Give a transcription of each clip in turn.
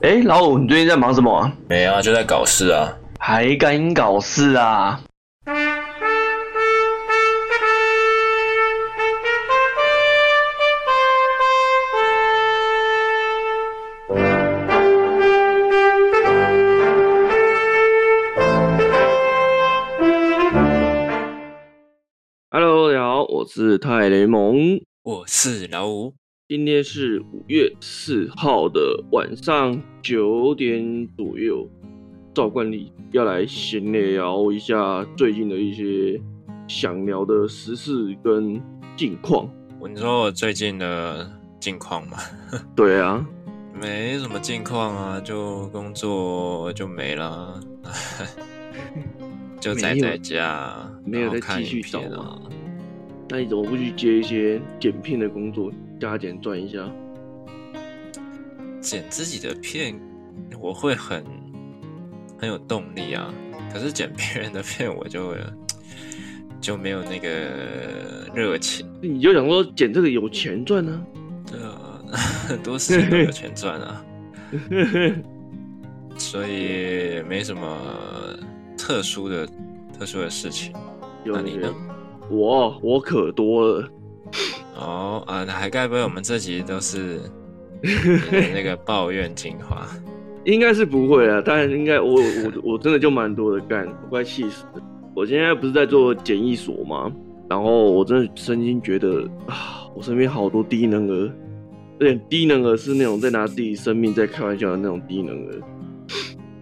哎、欸，老五，你最近在忙什麼、啊？沒啊，就在搞事啊！還敢搞事啊 ？Hello，大家好，我是泰雷蒙，我是老五。今天是五月四號的晚上九點左右，照慣例要來閒聊一下最近的一些想聊的時事跟近況。你說我最近的近況嗎？對啊，沒什麼近況啊，就工作就沒了， 就宅在家，沒有看繼、啊、續接、啊、那你怎麼不去接一些剪片的工作？加減賺一下，剪自己的片，我會很很有動力啊。可是剪別人的片，我就就沒有那個熱情。你就想說剪這個有錢賺呢、啊？對、呃、啊，很多事情都有錢賺啊。 所以沒什麼特殊的、特殊的事情。 那你呢？我我可多了。 哦啊，還該不會我們這集都是那個抱怨情話？ 應該是不會啊，但應該我我我真的就蠻多的幹，我快氣死了！我現在不是在做檢疫所嘛，然後我真的真心覺得啊，我身邊好多低能兒，對，低能兒是那種在拿自己生命在開玩笑的那種低能兒。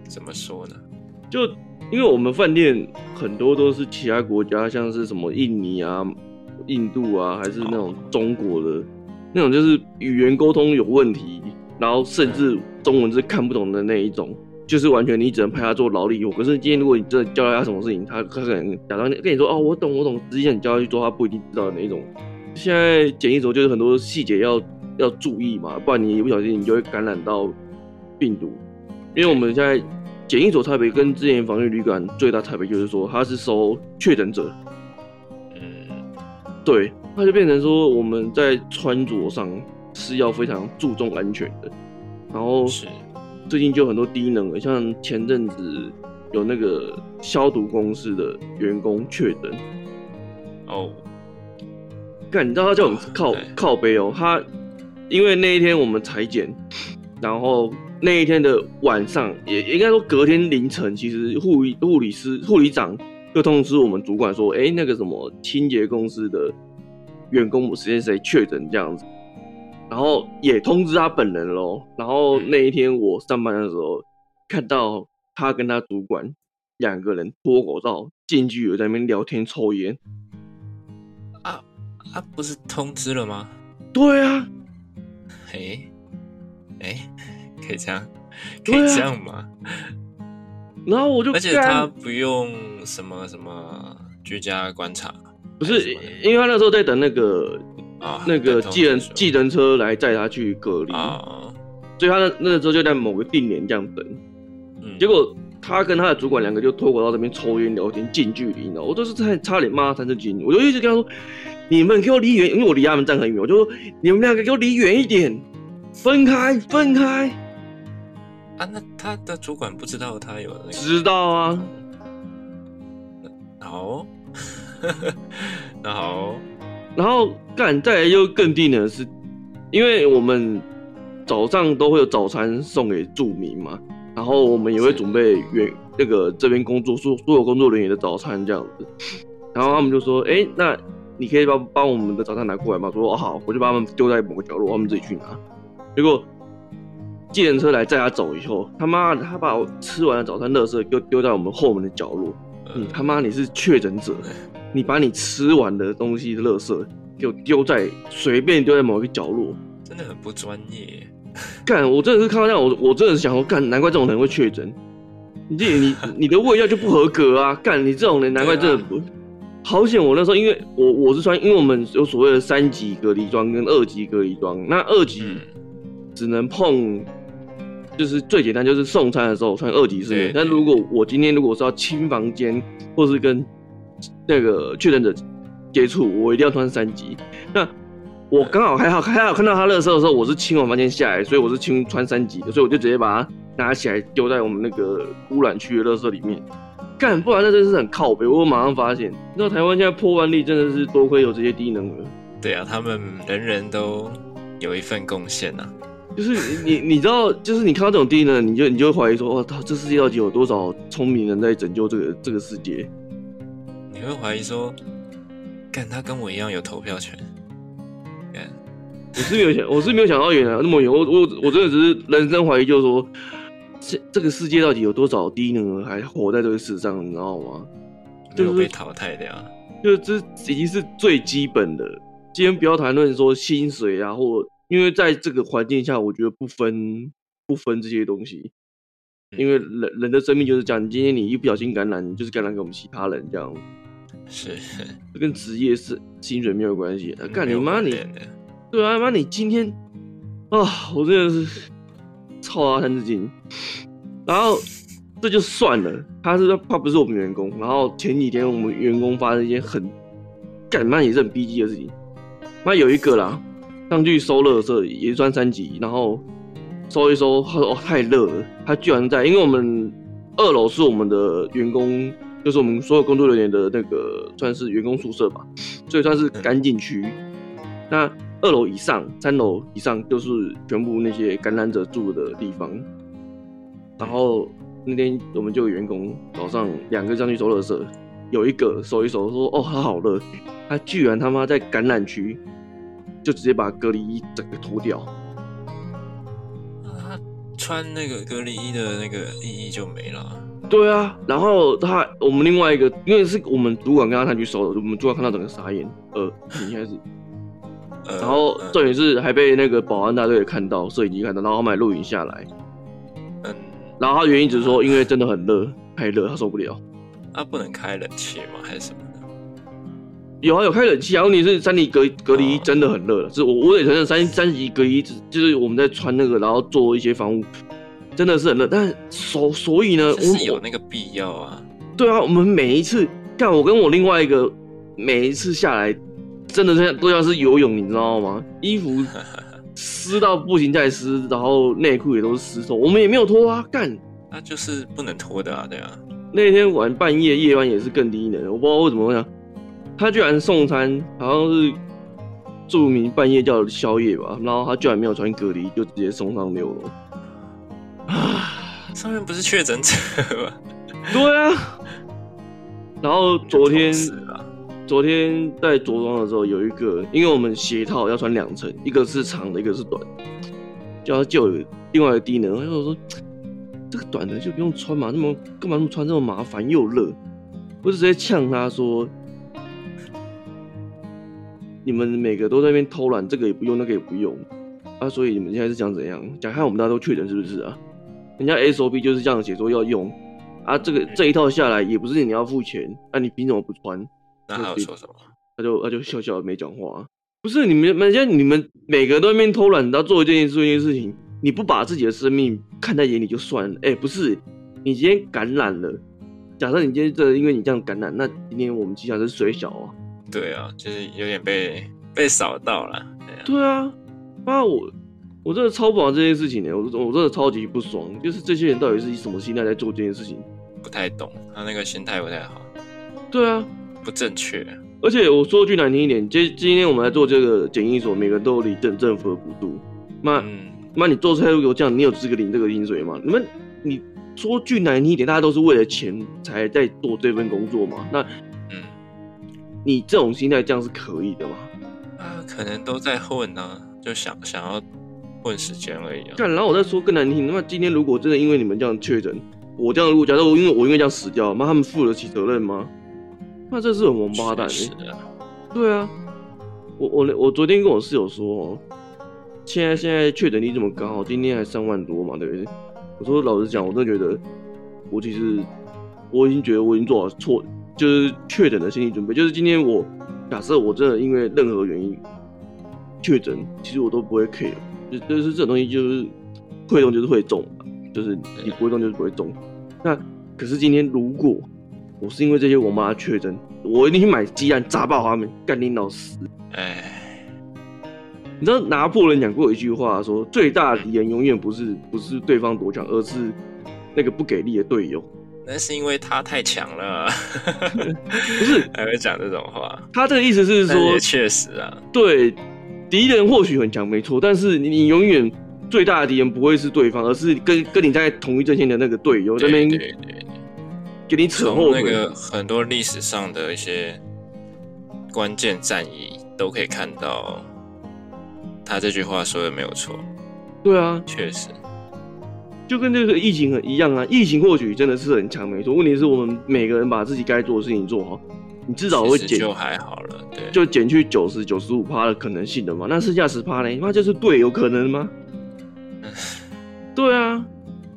怎麼說呢？就因為我們飯店很多都是其他國家，像是什麼印尼啊。印度啊，還是那種中國的、oh. 那種，就是語言溝通有問題，然後甚至中文是看不懂的那一種，就是完全你只能派他做勞力活。可是今天如果你真的教他什麼事情，他他可能假裝跟你說哦，我懂我懂，實際上你教他去做，他不一定知道的那一種。現在檢疫所就是很多細節要要注意嘛，不然你一不小心你就會感染到病毒。因為我們現在檢疫所差別跟之前防疫旅館最大差別就是說，它是收確診者。對，他就變成說我們在穿着上是要非常注重安全的，然後最近就很多低能了，像前陣子有那個消毒公司的員工確診哦、oh.，你知道他叫我們靠、oh, right. 靠北哦，他因為那一天我們裁剪，然後那一天的晚上也，也應該說隔天凌晨，其實護理護理師、護理長。就通知我們主管說：“哎、欸，那個什麼清潔公司的員工誰誰誰確診這樣子，然後也通知他本人嘍。”然後那一天我上班的時候、嗯、看到他跟他主管兩個人脫口罩近距離在那邊聊天抽煙、啊。啊，不是通知了嗎？對啊。哎、欸，哎、欸，可以這樣，可以這樣嗎？啊、然後我就而且他不用。什麼什麼居家觀察？不是，是什麼什麼因為他那時候在等那個啊、哦，那個計程計程車來載他去隔離、哦、所以他那那個、時候就在某個定點這樣等、嗯。結果他跟他的主管兩個就拖我到這邊抽菸聊天，近距離哦，我都是差差點罵他三十幾年，我就一直跟他說：“你們給我離遠，因為我離他們站很遠，我就說你們兩個給我離遠一點，分開分開。”啊，那他的主管不知道他有知道啊？好、哦呵呵，那好、哦，然後幹，再來又更低能的是，因為我們早上都會有早餐送給住民嘛，然後我們也會準備員，那、這個這邊工作所、所有工作人員的早餐這樣子，然後他們就說：“哎、欸，那你可以把把我們的早餐拿過來嗎？”說：“哦，好，我就把他們丟在某個角落，他們自己去拿。”結果，計程車來載他走以後，他媽的他把我吃完的早餐垃圾又丟在我們後門的角落。你他媽，你是確診者，你把你吃完的東西的垃圾給我丟在隨便丟在某一個角落，真的很不專業。幹，我真的是看到這樣，我我真的是想說，幹，難怪這種人會確診。你自己，你你的味道就不合格啊！幹，你這種人難怪真的、啊。好險，我那時候因為我我是穿，因為我們有所謂的三級隔離裝跟二級隔離裝，那二級只能碰。就是最簡單，就是送餐的時候穿二級，是不是？但如果我今天如果是要清房間，或是跟那個確診者接觸，我一定要穿三級。那我剛好還好、嗯、還好看到他垃圾的時候，我是清完房間下來，所以我是清穿三級的，所以我就直接把它拿起來丟在我們那個污染區的垃圾裡面，幹，不然那真是很靠北，我馬上發現，你知道台灣現在破萬例真的是多虧有這些低能兒，對啊，他們人人都有一份貢獻啊。就是你，你知道，就是你看到這種低能，你就你就會懷疑說，哇，他，這世界到底有多少聰明人在拯救這個這個世界？你會懷疑說，看他跟我一樣有投票權，我是沒有想，我是沒有想到原來、啊、那麼遠，我我我真的只是人生懷疑，就是說，這這個世界到底有多少低能還活在這個世上，你知道嗎？就是、沒有被淘汰的呀，就是這、就是、已經是最基本的。今天不要談論說薪水啊，或。因為在這個環境下，我覺得不分不分這些東西，因為人人的生命就是這樣，你今天你一不小心感染，你就是感染給我們其他人這樣。是這跟職業是薪水沒有關係。啊嗯、幹你媽你！對啊，媽你今天啊，我真的是操他三字經。然後這就算了，他是，不是他不是我們員工。然後前幾天我們員工發生一件很幹媽也是很 B 急的事情，媽有一個啦。上去收垃圾也算三級，然後收一收，他說：“哦，太熱了。”他居然在，因為我們二樓是我們的員工，就是我們所有工作人員的那個算是員工宿舍吧，所以算是乾淨區。那二樓以上、三樓以上就是全部那些感染者住的地方。然後那天我們就有員工早上兩個上去收垃圾，有一個收一收說：“哦，他好熱。”他居然他媽在感染區。就直接把隔離衣整個脫掉，他穿那個隔離衣的那個意義就沒了。對啊，然後他我們另外一個，因為是我們主管跟他進去收的，我們主管看到整個傻眼，呃，應該是。然後重點是還被那個保安大隊看到，攝影機看到，然後還錄影下來。呃、然後他原因只是說，因為真的很熱，太熱，他受不了，他不能開冷氣嗎？還是什麼？有、啊、有開冷氣、啊，然後你是三級隔隔離真的很熱了。Oh. 是我我也承認三三級隔離，就是我們在穿那個，然後做一些防護，真的是很熱。但所所以呢，是有那個必要啊。對啊，我們每一次，幹，我跟我另外一個，每一次下來，真的是都要是游泳，你知道嗎？衣服濕到不行，再濕，然後內褲也都是濕透，我們也沒有脫啊，幹，那、啊、就是不能脫的啊，對啊。那天晚半夜夜班也是更低的，我不知道為什麼會這樣。他居然送餐，好像是住民半夜叫宵夜吧，然後他居然沒有穿隔離，就直接送上六樓啊。上面不是確診者嗎？對啊。然後昨天，昨天在着裝的時候，有一個，因為我們鞋套要穿兩層，一個是長的，一個是短的，叫他就另外一個低能，他說：“這個短的就不用穿嘛，那麼幹嘛那麼穿，這麼麻煩又熱，我就直接嗆他說。”你們每個都在那邊偷懶，這個也不用，那個也不用，啊，所以你們現在是想怎樣？想看我們大家都確診是不是啊？人家 SOP 就是這樣寫，說要用，啊，這個這一套下來也不是你要付錢，那、啊、你憑什麼不穿？那他說什麼？他、啊、就他、啊、就笑笑沒講話、啊。不是你們，那現在你們每個都在那邊偷懶，他做一件事情做一件事情，你不把自己的生命看在眼裡就算了。哎、欸，不是，你今天感染了，假設你今天真的因為你這樣感染，那今天我們氣象是水小啊。對啊、哦，就是有點被被掃到了對、啊。對啊，媽，我我真的超不好這件事情、欸、我我真的超級不爽。就是這些人到底是以什麼心態在做這件事情？不太懂，他那個心態不太好。對啊，不正確。而且我說句難聽一點，今今天我們來做這個檢疫所，每個人都領政府的補助。那那、嗯、你做菜給我這樣，你有資格領這個薪水嗎？你們你說句難聽一點，大家都是為了錢才在做這份工作嘛？那。你這種心態這樣是可以的嗎？啊、嗯，可能都在混啊，就想想要混時間而已，啊。看，然後我再說更難聽，那今天如果真的因為你們這樣確診，我這樣如果假設我因為我因為這樣死掉，那他們負得起責任嗎？那這是很王八蛋，欸。是啊。對啊。我我我昨天跟我室友說，現在現在確診率這麼高，今天還三萬多嘛，對不對？我說老實講，我真的覺得我其實我已經覺得我已經做好錯。就是確診的心理準備，就是今天我假設我真的因為任何原因確診，其實我都不會 care。就就是這種東西，就是會動就是會中，就是你不會動就是不會中。那可是今天如果我是因為這些我媽的確診，我一定去買雞蛋砸爆他們，幹你到死！哎，你知道拿破崙講過一句話說，說最大的敵人永遠不是不是對方多強，而是那個不給力的隊友。那是因為他太強了， 不是還會講這種話？他這個意思是說，確實啊，對，敵人或許很強，沒錯，但是你永遠最大的敵人不會是對方，而是跟跟你在同一陣線的那個隊友那邊，對對對，給你扯後腿。從那個很多歷史上的一些關鍵戰役都可以看到，他這句話說的沒有錯。對啊，確實。就跟這個疫情很一樣啊，疫情或許真的是很強，沒錯。問題是我們每個人把自己該做的事情做好，你至少會減就還好了，對，就減去九十九十五趴的可能性的嘛。那剩下十趴呢，那就是對，有可能嗎？ 對啊，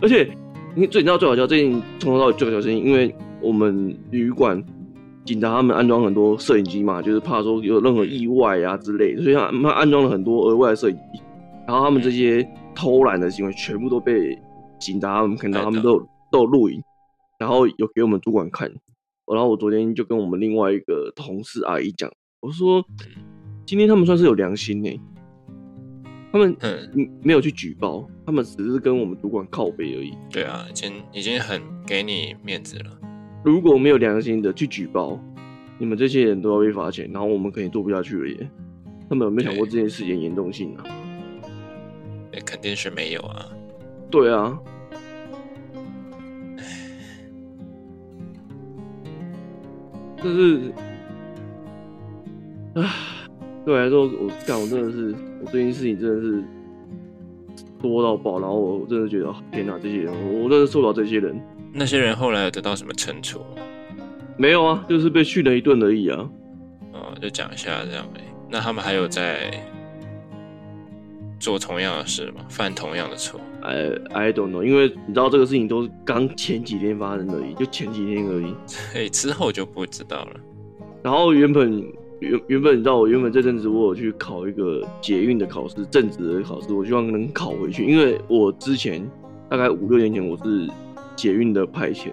而且你最你知道最好笑，最近從頭到尾最好笑的事情，因為我們旅館警察他們安裝很多攝影機嘛，就是怕說有任何意外啊之類的，所以他們安裝了很多額外的攝影機，然後他們這些偷懶的行為全部都被。警察們看到他們都都錄影，然後有給我們主管看。然後我昨天就跟我們另外一個同事阿姨講，我說：“今天他們算是有良心呢、欸，他們呃沒有去舉報，他們只是跟我們主管靠背而已。”對啊，已經已經很給你面子了。如果沒有良心的去舉報，你們這些人都要被罰錢，然後我們肯定做不下去了耶。他們有沒有想過這件事情嚴重性呢？肯定是沒有啊。對啊，但，就是啊，對我來說我，我幹，我真的是，我最近事情真的是多到爆，然後我真的覺得，天哪。這些人，我真的受不了這些人。那些人後來有得到什麼懲處？沒有啊，就是被訓了一頓而已啊。哦，就講一下這樣唄。那他們還有在。嗯做同樣的事嗎？犯同樣的錯？I, I don't know，因為你知道這個事情，都是剛前幾天發生而已，就前幾天而已。哎，之後就不知道了。然後原本原原本你知道我原本這陣子我有去考一個捷運的考試，正職的考試，我希望能考回去，因為我之前大概五六年前我是捷運的派遣，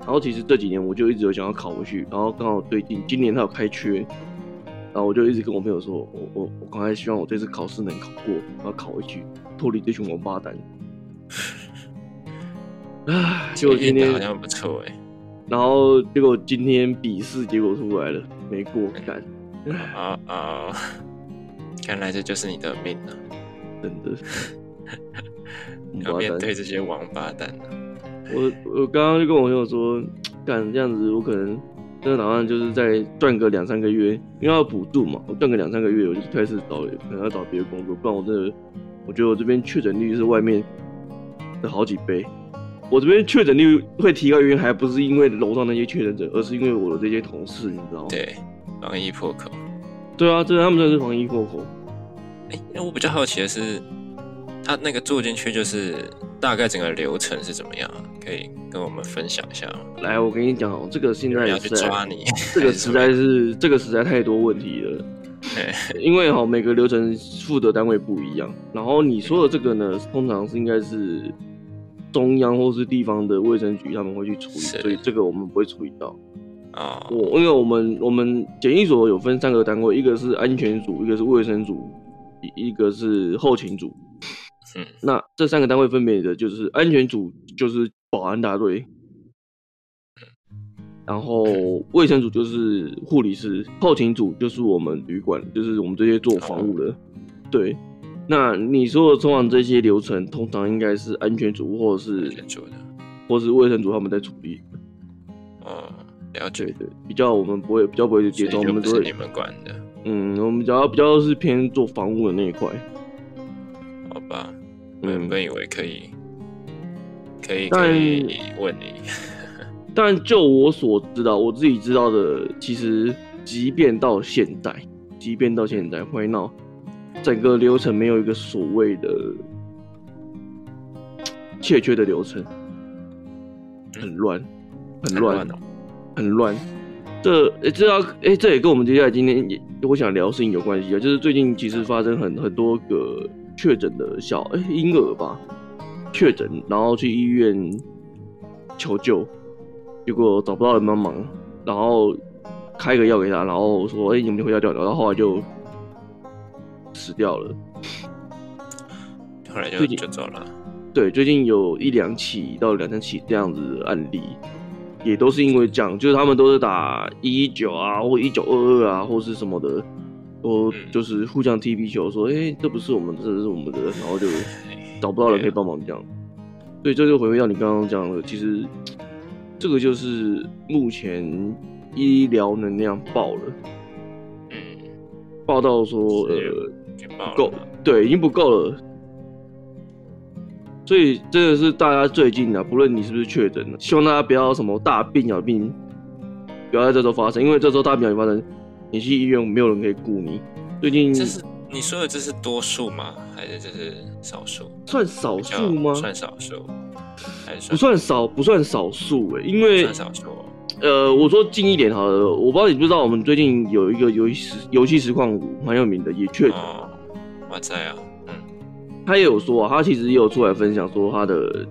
然後其實這幾年我就一直有想要考回去，然後剛好最近今年他有開缺。然後我就一直跟我朋友說：“我我我剛才希望我這次考試能考過，然後考回去脫離這群王八蛋。 ”啊！結果今天好像不錯哎。然後結果今天筆試結果出來了，沒過。幹啊啊！看來這就是你的命啊！真的 要面對這些王八蛋啊！我我剛剛就跟我朋友說：“幹這樣子，我可能……”真的打算就是再斷個兩三個月，因為要補助嘛。我斷個兩三個月，我就開始找，可能要找別的工作。不然我真的，我覺得我這邊確診率是外面的好幾倍。我這邊確診率會提高，原因還不是因為樓上那些確診者，而是因為我的這些同事，你知道嗎？對，防疫破口。對啊，這他們就是防疫破口。哎，那我比較好奇的是。他、啊、那個住進去就是大概整個流程是怎麼樣？可以跟我們分享一下嗎？來，我跟你講哦，這個現在，你要去抓你，這個實在是 這個實在太多問題了。因為哈，每個流程負責單位不一樣，然後你說的這個呢，通常是應該是中央或是地方的衛生局，他們會去處理的，所以這個我們不會處理到啊、哦。我因為我們我們檢疫所有分三個單位，一個是安全組，一個是衛生組，一一個是後勤組。嗯、那這三個單位分別的就是安全組，就是保安大隊、嗯，然後衛生組就是護理師，嗯、後勤組就是我們旅館，就是我們這些做房務的。哦、對，那你說的通常這些流程，通常應該是安全組或者是，或是衛生組他們在處理。嗯、哦，了解的，比較我們不會比較不會接觸，不是你們管的。嗯，我們主要比較是偏做房務的那一塊，好吧。原本以為可以，可以可以但問你， 但就我所知道，我自己知道的，其實即便到現在，即便到現在，換鬧，整個流程沒有一個所謂的欠缺的流程，很亂，很亂，很亂。這誒、欸，這要誒、欸，這也跟我們接下來今天也我想聊的事情有關係啊，就是最近其實發生很很多個。確診的小欸、嬰兒吧，確診，然後去醫院求救，結果找不到人幫忙，然後開個藥給他，然後說哎、欸、你們就回家調調，然後後來就死掉了，後來就最近就走了。對，最近有一兩起到兩三起這樣子的案例，也都是因為這樣，就是他們都是打一一九啊，或一九二二啊，或是什麼的。說就是互相踢皮球，說、欸、哎，這不是我們，這是我們的人，然後就找不到人可以幫忙這樣。對，所以這就回歸到你剛剛講的，其實這個就是目前醫療能量爆了，爆到說，呃了不夠，對，已經不夠了。所以真的是大家最近啊，不論你是不是確診了，希望大家不要什麼大病小病，不要在這時候發生，因為這時候大病小病發生。你去醫院，沒有人可以顧你。最近這是你說的，這是多數嗎？還是這是少數？算少數嗎？算少數，不算少不算少數哎，因為算少數、哦、呃，我說近一點好了，我不知道你不知道，我們最近有一個遊戲遊戲實況主，蠻有名的，也確實、哦，我在啊，嗯，他也有說啊，他其實也有出來分享說他的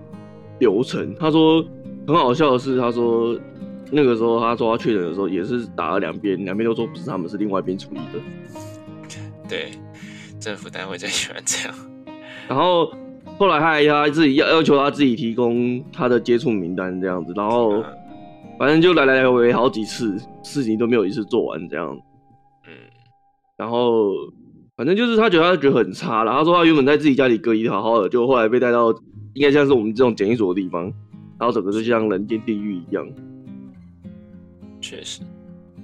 流程，他說很好笑的是，他說。那個時候，他說他確診的時候，也是打了兩邊，兩邊都說不是他們，是另外一邊處理的。對，政府單位最喜歡這樣。然後後來他還他自己要要求他自己提供他的接觸名單這樣子，然後反正就來來回回好幾次，事情都沒有一次做完這樣。嗯。然後反正就是他覺得他覺得很差了。他說他原本在自己家裡隔離好好的，就後來被帶到應該像是我們這種檢疫所的地方，然後整個就像人間地獄一樣。確實，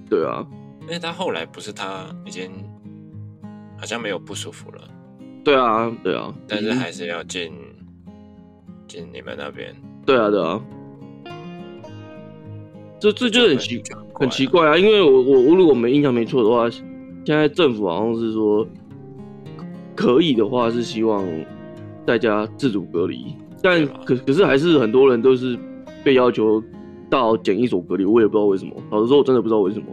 對啊，因為他後來不是他已經好像沒有不舒服了，對啊，對啊，但是還是要進進、嗯、你們那邊，對啊，對啊，這這就很奇很，很奇怪啊，怪啊嗯、因為我我我如果我印象沒錯的話，現在政府好像是說可以的話是希望大家自主隔離，但可可是還是很多人都是被要求。到檢疫所隔離，我也不知道為什麼。老實說，我真的不知道為什麼。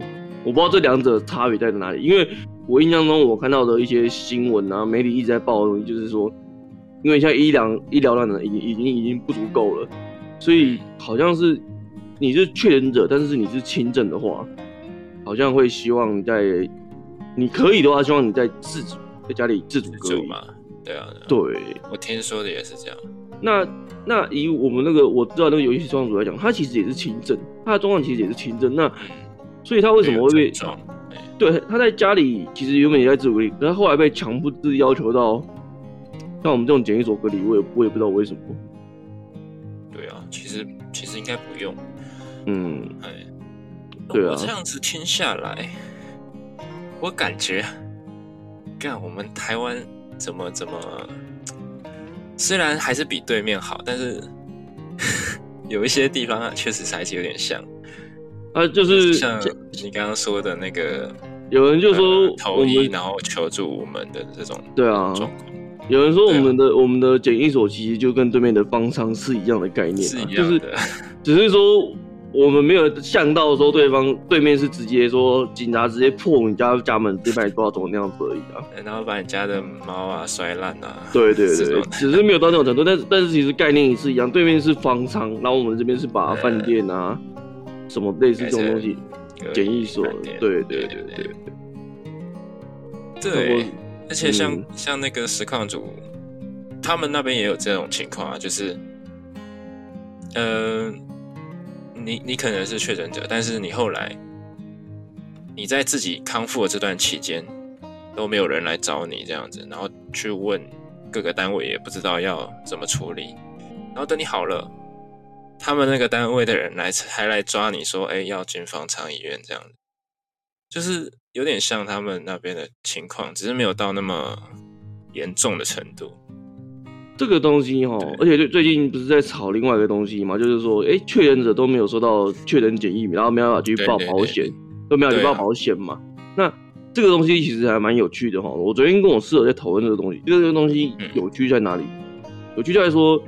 我不知道這兩者差別在哪裡，因為我印象中我看到的一些新聞啊，媒體一直在報的東西，就是說，因為像醫療醫療量的已已經已經,已經不足夠了，所以、嗯、好像是你是確診者，但是你是輕症的話，好像會希望在你可以的話，希望你在自己在家裡自主隔離嘛？對啊，對啊，對，我聽說的也是這樣。那那以我們那個我知道那個遊戲創作者來講，他其實也是輕症，他的狀況其實也是輕症。那所以他為什麼會被？對，他在家裡其實原本也在自我隔離，可是他後來被強制要求到像我們這種檢疫所隔離，我也我也不知道為什麼。對啊，其實其實應該不用。嗯，對啊，這樣子聽下來，我感覺幹我們台灣怎麼怎麼。雖然還是比對面好，但是 有一些地方啊、確實還是有點像。啊，就是、就是、像你剛剛說的那個，有人就說投醫然後求助我們的這種，對啊，有人說我們的、啊、我們的簡易手機就跟對面的方艙是一樣的概念、啊，是一樣的。就是、 只是說。我們沒有想到說對方對面是直接說警察直接破我們家家門，對面不知道怎麼那樣子而已啊、欸，然後把你家的貓啊摔爛啊，對對對，只是沒有到那種程度。但是但是其實概念也是一樣，對面是方艙，然後我們這邊是把飯店啊什麼類似這種東西檢疫所，對對對對對，對，對，對，對，而且像、嗯、像那個實況主，他們那邊也有這種情況啊，就是，嗯、呃。你你可能是確診者，但是你後來，你在自己康復的這段期間，都沒有人來找你這樣子，然後去問各個單位也不知道要怎麼處理，然後等你好了，他們那個單位的人來還來抓你說，哎，要進方艙醫院這樣子，就是有點像他們那邊的情況，只是沒有到那麼嚴重的程度。這個東西哈，而且最最近不是在炒另外一個東西嘛？就是說，哎，確診者都沒有收到確診檢疫，然後沒辦法去報保險，對對對都沒有去報保險嘛？啊、那這個東西其實還蠻有趣的哈。我昨天跟我室友在討論這個東西，就是這個東西有趣在哪裡？嗯、有趣在說，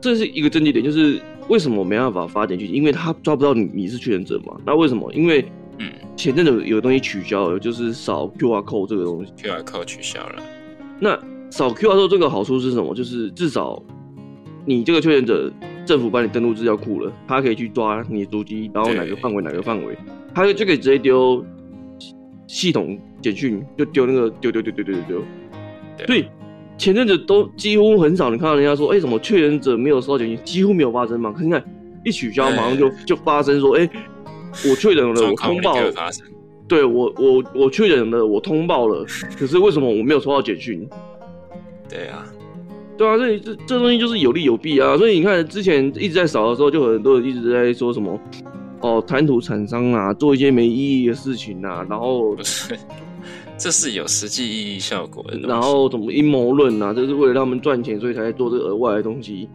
這是一個爭議點，就是為什麼沒辦法發點去？因為他抓不到你你是確診者嘛？那為什麼？因為嗯，前陣子有東西取消了，就是掃 QR code 這個東西，QR code 取消了，那。掃 Q R 說，這個好處是什麼？就是至少你這個確診者，政府幫你登錄資料庫了，他可以去抓你的足跡，然後哪個範圍哪個範圍，他就可以直接丟系統簡訊，就丟那個丟丟丟丟丟丟丟。所以前陣子都幾乎很少，你看到人家說，哎、欸，怎麼確診者沒有收到簡訊，幾乎沒有發生嘛。可是你看一取消，馬上就就發生說，哎、欸，我確診了， 我通報對我我我確診了，我通報了， 可是為什麼我沒有收到簡訊？對啊，對啊，所以這這東西就是有利有弊啊。所以你看，之前一直在掃的時候，就很多人一直在說什麼，哦，貪圖廠商啊，做一些沒意義的事情啊。然後不是，這是有實際意義效果。嗯，然後什麼陰謀論啊，這是為了讓他們賺錢，所以才做這額外的東西。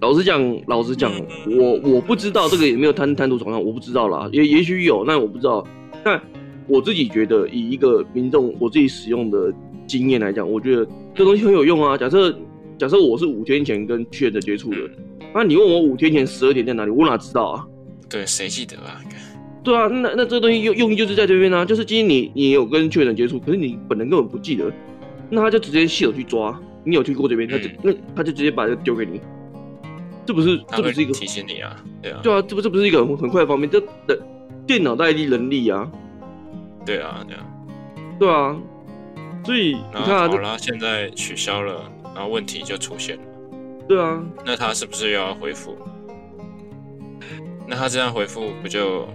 老實講，老實講，我我不知道這個有沒有貪貪圖廠商，我不知道啦。也也許有，那我不知道。但我自己覺得，以一個民眾我自己使用的經驗來講，我覺得。這東西很有用啊！假設假設我是五天前跟確診的接觸的，那、嗯啊、你問我五天前十二點在哪裡，我哪知道啊？對，誰記得啊？對啊，那那這個東西用用意就是在這邊啊。就是今天你你有跟確診的接觸，可是你本人根本不記得，那他就直接伸手去抓，你有去過這邊，嗯，他就那他就直接把這丟給你，這不是他這不是一個提醒你啊？對啊，對啊，這不不是一個很快的方面，這、呃、的電腦代替人力啊？對啊，對啊，對啊。所以你看、啊，那好啦，現在取消了，然後問題就出現了。對啊，那他是不是又要恢復？那他這樣恢復不就……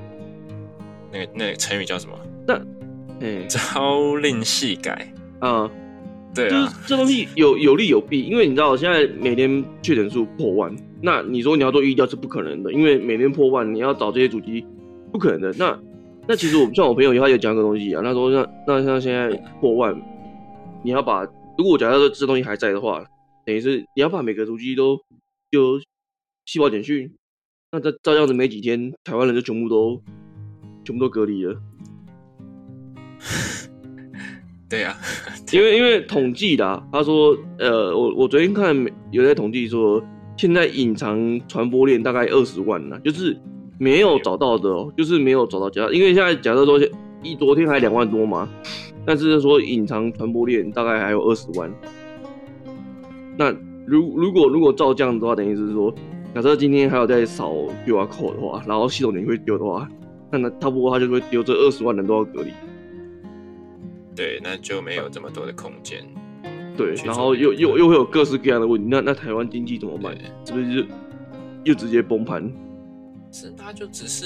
那個，那個、成語叫什麼？那、欸、嗯，朝令夕改。啊，對啊，就是這東西有有利有弊，因為你知道，現在每天確診數破萬，那你說你要做醫療是不可能的，因為每天破萬，你要找這些主機不可能的。那那其實我 像我朋友他有講個東西啊，他說像那像現在破萬。你要把，如果假設這東西還在的話，等於是你要把每個毒雞都就細胞檢訊，那照這樣子沒幾天，台灣人就全部都全部都隔離了。對呀、啊啊，因為因為統計的，他說，呃，我我昨天看有在統計說，現在隱藏傳播鏈大概二十萬呢，就是沒有找到的、喔，就是沒有找到家，因為現在假設說，一昨天還兩萬多嘛。但是說隱藏傳播鏈大概還有二十萬，那如如果如果照這樣子的話，等於是說，假設今天還要再少 o d e 的話，然後系統點會丟的話，那那差不多他就會丟這二十萬人都要隔離。對，那就沒有這麼多的空間、嗯。對，然後又又又會有各式各樣的問題。那那台灣經濟怎麼辦？是不是就又直接崩盤？是，他就只是。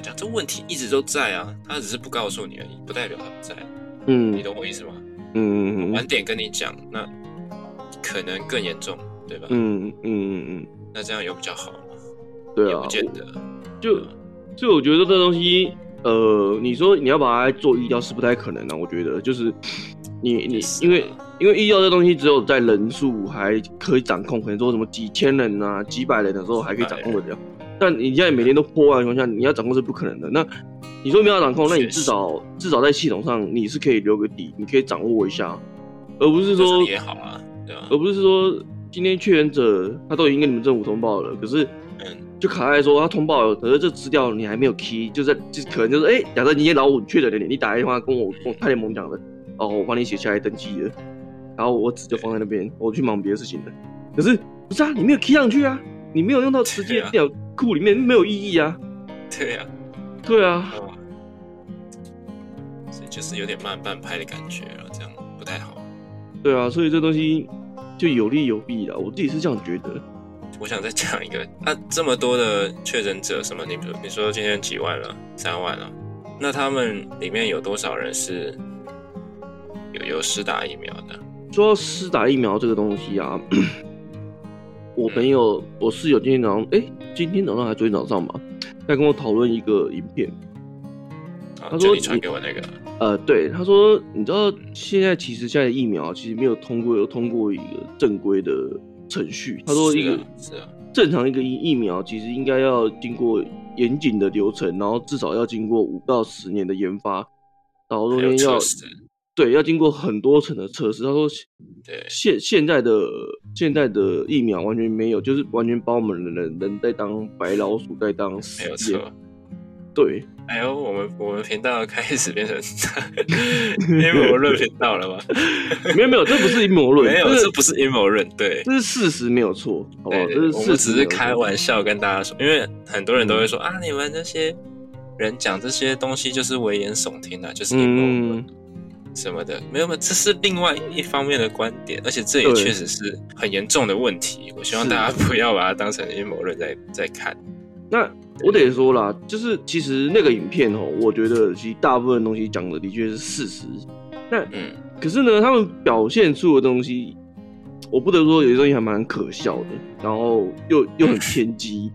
講這問題一直都在啊，他只是不告訴你而已，不代表他不在。嗯，你懂我意思嗎？嗯嗯嗯。晚點跟你講，那可能更嚴重，對吧？嗯嗯嗯嗯。那這樣有比較好嗎？對啊，也不見得。嗯、就就我覺得這東西，呃，你說你要把它做醫療是不太可能的、啊，我覺得就是你你是、啊、因為因為醫療這東西只有在人數還可以掌控，比如說什麼幾千人啊、幾百人的時候還可以掌控的。但你現在每天都破萬的情況下，你要掌控是不可能的。那你說沒有要掌控，那你至少至少在系統上你是可以留個底，你可以掌握一下，而不是說、就是、也好啊，對啊，而不是說今天確診者他都已經跟你們政府通報了，可是嗯，就卡在說他通報了，可是這資料你還沒有 key，就在就是可能就是哎、欸，假設你也老五確診了你，你你打電話跟我跟大聯盟講了，哦，我幫你寫下來登記了，然後我紙就放在那邊，我去忙別的事情了，可是不是啊，你沒有 key 上去啊，你沒有用到時間表。庫裡面沒有意義啊，對啊，對啊，所以就是有點慢半拍的感覺了，然後這樣不太好。對啊，所以這東西就有利有弊啊。我自己是這樣覺得。我想再講一個，那、啊、這麼多的確診者什麼？你比如你說今天幾萬了，三萬了，那他們裡面有多少人是有有施打疫苗的？說到施打疫苗這個東西啊。 我朋友，嗯、我室友今天早上，哎、欸，今天早上還昨天早上吧，在跟我討論一個影片。他說你傳給我那個。呃，對，他說你知道現在其實現在疫苗其實沒有通過，有通過一個正規的程序。他說一個、啊啊、正常一個疫疫苗其實應該要經過嚴謹的流程，然後至少要經過五到十年的研發，然後中間要。對，要經過很多層的測試。他說現，現現在的現在的疫苗完全沒有，就是完全把我們的人人在當白老鼠，在當實驗。沒有錯。對，哎呦，我們我們頻道開始變成陰謀論頻道了嗎？ 沒有沒有，這不是陰謀論，沒有，這不是陰謀論，對，這是事實，沒有錯。哦好不好，這是事實。我只是開玩笑跟大家說，因為很多人都會說、嗯、啊，你們這些人講這些東西就是危言聳聽啊，就是陰謀論。嗯什麼的沒有沒有，這是另外一方面的觀點，而且這也確實是很嚴重的問題。我希望大家不要把它當成陰謀論在在看。那我得說啦，就是其實那個影片哦、喔，我覺得其實大部分東西講的的確是事實。那嗯，可是呢，他們表現出的東西，我不得說，有些東西還蠻可笑的，然後又又很偏激。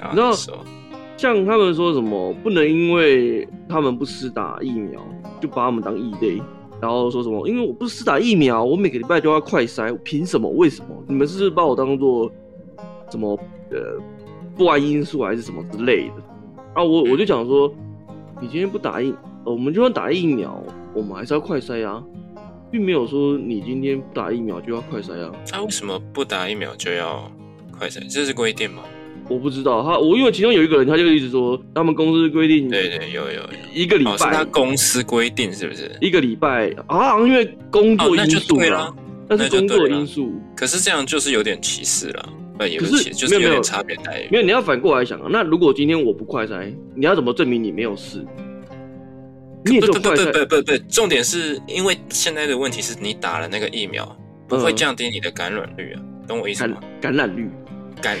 嗯、啊，你知道，那像他們說什麼不能，因為他們不施打疫苗。就把我們當異類，然後說什麼？因為我不是打疫苗，我每個禮拜都要快篩，憑什麼？為什麼？你們是，是把我當做什麼呃，不安因素還是什麼之類的啊？我我就想說，你今天不打疫，我們就算打疫苗，我們還是要快篩啊，並沒有說你今天不打疫苗就要快篩啊。他、啊、為什麼不打疫苗就要快篩？這是規定嗎？我不知道他，我因為其中有一個人，他就一直說他們公司規定，對對，有有一個禮拜，他公司規定是不是一個禮拜啊，啊？因為工作因素對啊，哦、對但是工作的因素。可是這樣就是有點歧視了，呃，也不是歧視，就是有點差別因為你要反過來想啊，那如果今天我不快篩，你要怎麼證明你沒有事？對對對對對，不不不不，不重點是因為現在的問題是你打了那個疫苗，不會降低你的感染率啊。懂我意思嗎？感染率。感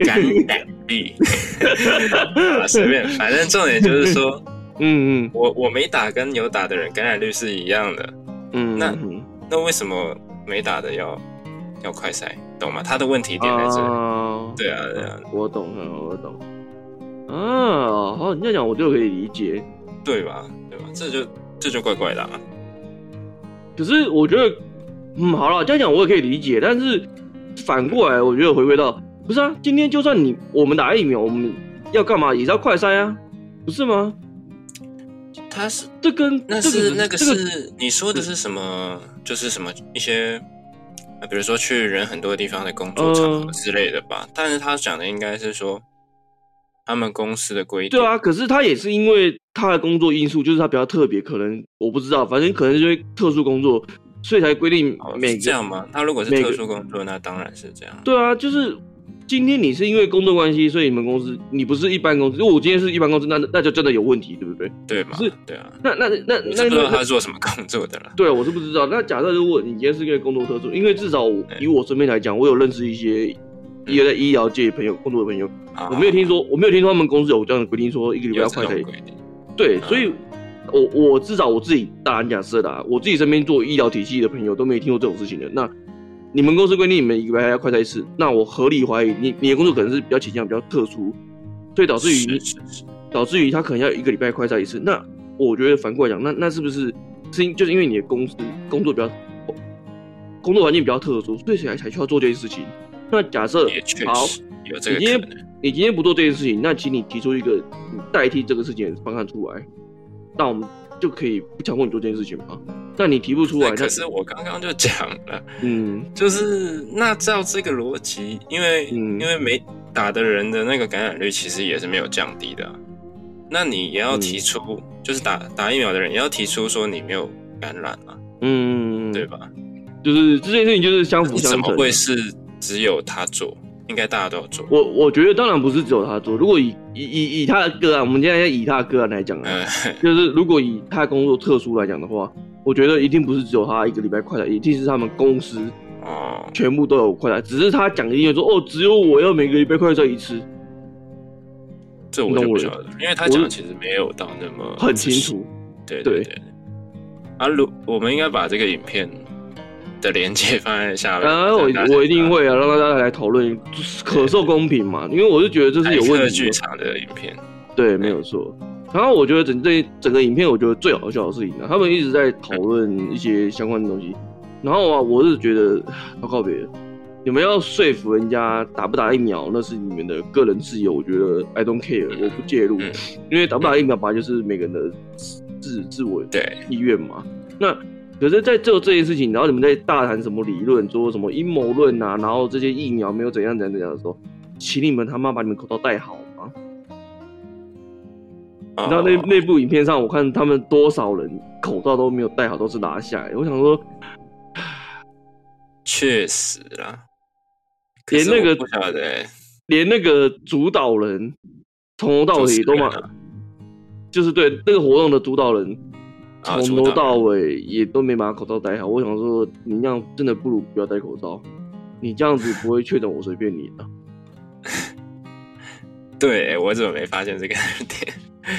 感染力，隨、 啊、便，反正重點就是說，嗯嗯，我我沒打跟有打的人感染率是一樣的，嗯，嗯，那那為什麼沒打的要要快篩，懂嗎？他的問題點在這裡。啊，對啊，對啊，我懂了，我懂，啊，好，你這樣講我就可以理解，對吧？對吧？這就這就怪怪的。啊，可是我覺得，嗯，好了，這樣講我也可以理解，但是反過來，我覺得回歸到。不是啊，今天就算你我們打疫苗，我們要幹嘛？也是要快篩啊，不是嗎？他是這跟那是、這個這個、那是、這個是你說的是什麼？嗯、就是什麼一些啊，比如說去人很多地方的工作場合之類的吧。呃、但是他講的應該是說他們公司的規定。對啊，可是他也是因為他的工作因素，就是他比較特別，可能我不知道，反正可能就是特殊工作，所以才規定每個。是這樣嗎？他如果是特殊工作，那當然是這樣。對啊，就是。今天你是因為工作關係，所以你們公司你不是一般公司。如果我今天是一般公司，那那就真的有問題，對不對？對嘛？是，對啊。那那那那那他做什麼工作的啦？對、啊，我是不知道。那假設如果你今天是一個工作特殊，嗯、因為至少以我身邊來講，我有認識一些也在醫療界朋友、嗯、工作的朋友、啊，我沒有聽說，我沒有聽說他們公司有這樣的規定說一個禮拜要快篩一次。對、啊，所以，我我至少我自己大膽假設啦、啊，我自己身邊做醫療體系的朋友都沒聽過這種事情的。那。你們公司規定你們一個禮拜要快篩一次，那我合理懷疑你，你的工作可能是比較傾向比較特殊，所以導致於導致於他可能要一個禮拜快篩一次。那我覺得反過來講，那那是不是是就是因為你的公司工作比較工作環境比較特殊，所以才才需要做這件事情？那假設好，你今天你今天不做這件事情，那請你提出一個代替這個事情的方案出來，那我們就可以不強迫你做這件事情嗎？但你提不出來。可是我剛剛就講了，嗯，就是那照這個邏輯，因為、嗯、因為沒打的人的那個感染率其實也是沒有降低的，啊。那你也要提出，嗯、就是打打疫苗的人也要提出說你沒有感染啊，嗯，對吧？就是這件事情就是相輔相成。怎麼會是只有他做？應該大家都要做。我我覺得當然不是只有他做。如果以以以他的個案，我們現在以他的個案來講呢、啊， 就是如果以他的工作特殊來講的話，我覺得一定不是只有他一個禮拜快篩，一定是他們公司全部都有快篩。只是他講音樂說哦，只有我要每個禮拜快篩一次。這我都不曉得，因為他講的其實沒有到那麼很清楚。對對對,對,對。啊，如我們應該把這個影片。的連結放在下面。我、啊、我一定會啊，讓大家來討論，可受公平嘛，對對對？因為我是覺得這是有問題。台客劇場的影片，對，沒有錯。然後我覺得整這整個影片，我覺得最好笑的是什麼、啊嗯？他們一直在討論一些相關的東西、嗯。然後啊，我是覺得要告別，你們要說服人家打不打疫苗，那是你們的個人自由。我覺得 I don't care、嗯、我不介入、嗯，因為打不打疫苗本來就是每個人的自、嗯、自、自、自我對意願嘛。那可是，在做這件事情，然後你們在大談什麼理論，說什麼陰謀論啊，然後這些疫苗沒有怎樣怎樣怎樣的時候，請你們他媽把你們口罩戴好啊！Oh. 你知道那那部影片上，我看他們多少人口罩都沒有戴好，都是拿下來。我想說，確實啊，連那個不曉得，連那個主導人，從頭到尾都嘛，就是、就是、對那個活動的主導人。從頭到尾也都沒把口罩戴好，我想說你那樣真的不如不要戴口罩。 你這樣子不會確診，我隨便你的 對，我怎麼沒發現這個點？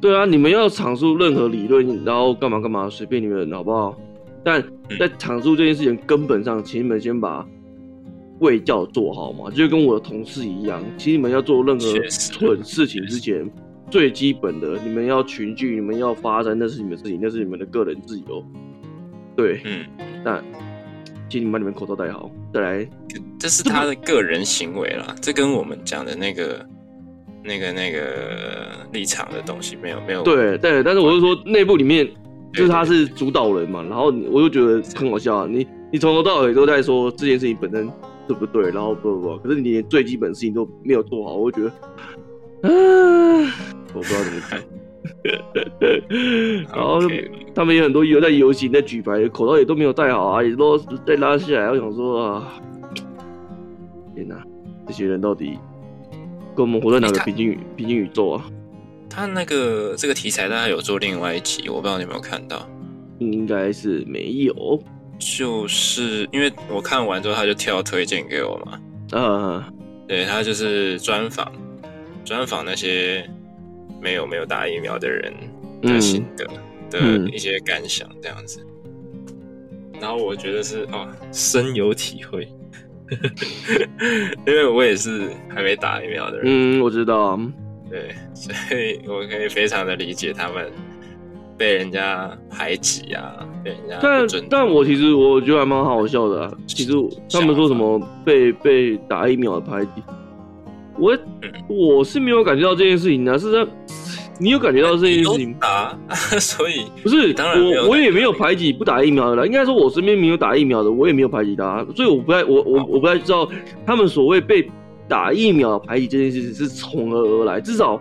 對啊，你們要闡述任何理論，然後幹嘛幹嘛，隨便你們，好不好？但在闡述這件事情根本上，嗯、請你們先把衛教做好嘛。就跟我的同事一樣，請你們要做任何蠢事情之前。.最基本的，你們要群聚，你們要發生，那是你們自己，那是你們的個人自由。對，嗯，那，請你們把你們口罩戴好。再來，這是他的個人行為啦，這跟我們講的那個、那個、那個立場的東西沒有、沒有。對對，但是我就說內部裡面，就是他是主導人嘛，對對對對，然後我就覺得很好笑、啊。你你從頭到尾都在說這件事情本身對不對，然後不不，不，不，可是你連最基本的事情都沒有做好，我覺得，嗯。 我不知道怎麼看 然後他們有很多人在遊行，在舉牌，口罩也都沒有戴好啊，也都在拉下來。我想說、啊，天哪，這些人到底跟我們活在哪個平行平行宇宙啊？他那個這個題材，他有做另外一集，我不知道你有沒有看到？應該是沒有，就是因為我看完之後，他就跳推薦給我嘛。嗯、啊，對，他就是專訪，專訪那些。沒有沒有打疫苗的人的心得的一些感想這樣子，嗯嗯、然後我覺得是哦，深有體會， 因為我也是還沒打疫苗的人。嗯，我知道，對，所以我可以非常的理解他們被人家排擠啊，被人家、啊、但但我其實我覺得還蠻好笑的、啊，其實他們說什麼被被打疫苗的排擠。我我是沒有感覺到這件事情的、啊，是在你有感覺到這件事情？所以不是，當然我我也沒有排擠不打疫苗的了。應該說，我身邊沒有打疫苗的，我也沒有排擠他、啊，所以我不太我我我不太知道他們所謂被打疫苗排擠這件事情是從何而,而來。至少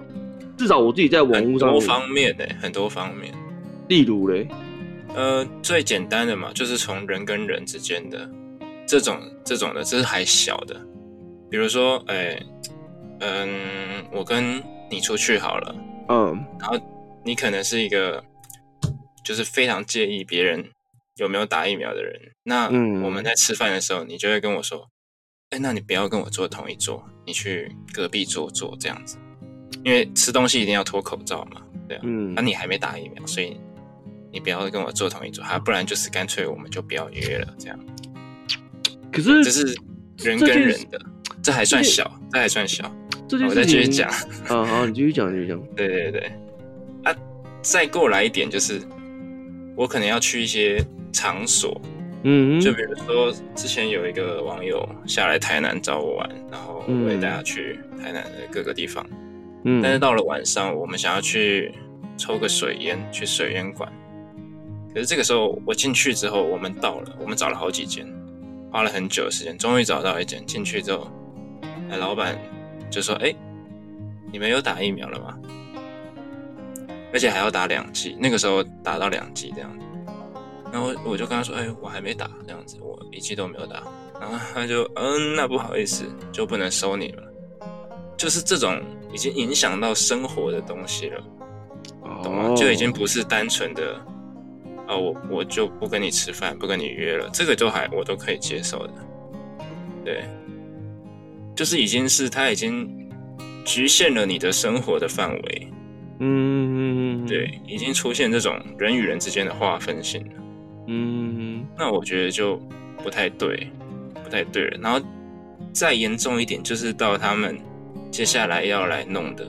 至少我自己在網路上很多方面的、欸、很多方面，例如嘞，呃，最簡單的嘛，就是從人跟人之間的這種這種的，這是還小的，比如說哎。欸嗯，我跟你出去好了。嗯、oh.，然後你可能是一個，就是非常介意別人有沒有打疫苗的人。那我們在吃飯的時候，你就會跟我說：“哎、嗯，那你不要跟我坐同一桌，你去隔壁坐坐這樣子，因為吃東西一定要脫口罩嘛，對啊。那、嗯啊、你還沒打疫苗，所以你不要跟我坐同一桌，啊、不然就是乾脆我們就不要約了這樣。可是這是人跟人的這、就是這這，這還算小，這還算小。”我再繼續講，好、啊、好，你繼續講，繼續講。 對對對，啊，再過來一點，就是我可能要去一些場所，嗯，就比如說之前有一個網友下來台南找我玩，然後我也帶他去台南的各個地方，嗯，但是到了晚上，我們想要去抽個水煙，去水煙館，可是這個時候我進去之後，我們到了，我們找了好幾間，花了很久的時間，終於找到一間，進去之後，哎，老板。就說：“哎，你們有打疫苗了嗎？而且還要打兩劑。那個時候打到兩劑這樣子，然後我就跟他說：‘哎，我還沒打，這樣子我一劑都沒有打。’然後他就：‘嗯，那不好意思，就不能收你了。’就是這種已經影響到生活的東西了，懂嗎？就已經不是單純的啊，我我就不跟你吃飯，不跟你約了，這個就還我都可以接受的，對。”就是已經是他已經局限了你的生活的範圍，嗯、嗯、嗯對，已經出現這種人與人之間的劃分性了嗯、嗯、嗯，那我覺得就不太對，不太對了，然後再嚴重一點，就是到他們接下來要來弄的，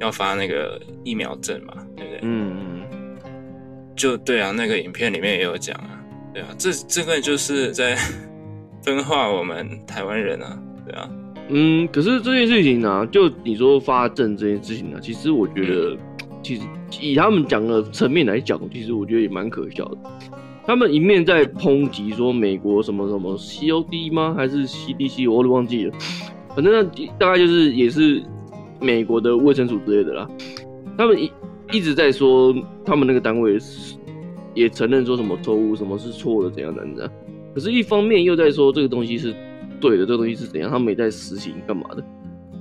要發那個疫苗證嘛，對不對？嗯嗯，就對啊，那個影片裡面也有講啊，對啊，這這個就是在 分化我們台灣人啊，對啊。嗯，可是這件事情呢、啊，就你說發證這件事情呢、啊，其實我覺得，其實以他們講的層面來講，其實我覺得也蠻可笑的。他們一面在抨擊說美國什麼什麼 COD 嗎，還是 CDC，我都忘記了，反正大概就是也是美國的衛生署之類的啦。他們一一直在說他們那個單位是也承認說什麼錯誤，什麼是錯的，怎樣怎樣的。可是，一方面又在說這個東西是。對的，這個、東西是怎樣？他們也在實行幹嘛的？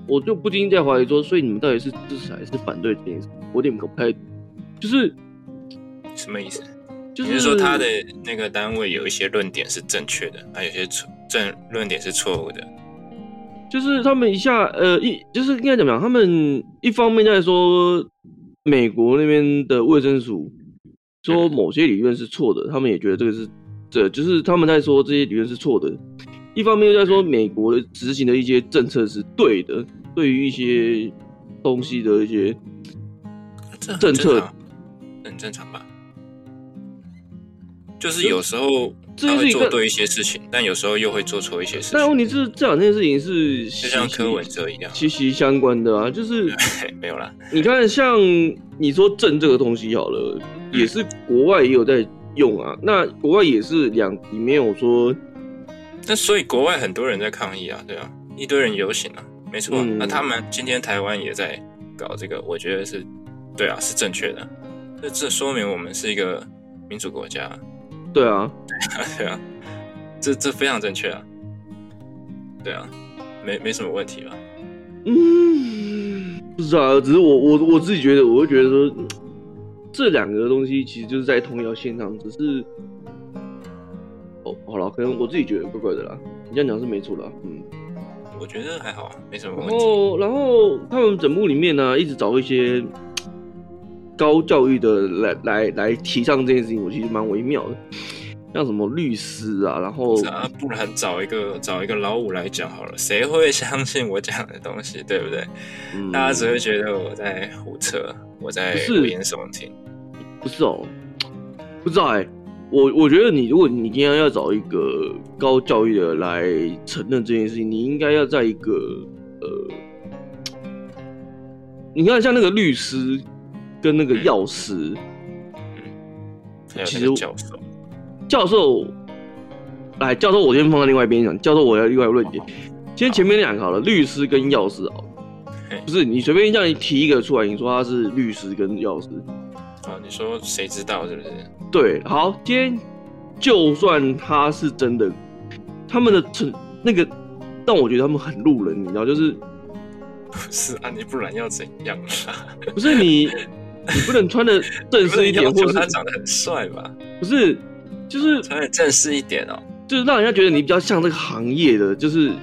我就不禁在懷疑說，所以你們到底是支持還是反對這件事？我有點不太，就是什麼意思？呃就是、就是說他的那個單位有一些論點是正確的，還有些錯，正論點是錯誤的？就是他們一下，呃，一就是應該怎麼樣，他們一方面在說美國那邊的衛生署說某些理論是錯的、嗯，他們也覺得這個是，對，就是他們在說這些理論是錯的。一方面又在說美國執行的一些政策是對的，對於一些東西的一些政策，很正，很正常吧。就是有時候會做對一些事情，事情但有時候又會做錯一些事情。但問題是這，這兩件事情是息息相關的。相關的啊，就是沒有啦。你看，像你說“政”這個東西，好了、嗯，也是國外也有在用啊。那國外也是兩裡面，有說。那所以國外很多人在抗議啊，對啊，一堆人遊行啊，沒錯。那、嗯啊、他們今天台灣也在搞這個，我覺得是，對啊，是正確的。那這，這說明我們是一個民主國家，對啊，對啊， 對啊這這非常正確啊，對啊，沒沒什麼問題吧？嗯，不知道、啊，只是我我我自己覺得，我會覺得說、嗯，這兩個東西其實就是在同一條線上，只是。好了，可能我自己覺得怪怪的啦。你、嗯、這樣講是沒錯的、啊，嗯，我覺得還好、啊，沒什麼問題。然後，然後他們整部裡面呢，一直找一些高教育的來來來提倡這件事情，我其實蠻微妙的， 像什麼律師啊，然後不然找一個找一個老五來講好了，誰會相信我講的東西，對不對、嗯？大家只會覺得我在胡扯，我在編什麼經？不是哦，不知道哎。我我覺得你如果你今天要，要找一個高教育的來承認這件事情，你應該要在一個呃，你看像那個律師跟那個藥師、嗯嗯嗯，其實教授教授，來教授我先放在另外一邊講，教授我要另外一個論點，先前面兩個好了，好律師跟藥師哦，不是你隨便讓你提一個出來，你說他是律師跟藥師。說誰知道是不是？對，好，今天就算他是真的，他們的那個，但我覺得他們很路人，你知道，就是不是啊？你不然要怎樣啊？不是你，你不能穿的正式一點， 或是他長得很帥吧？不是，就是穿的正式一點哦，就是讓人家覺得你比較像這個行業的，就是。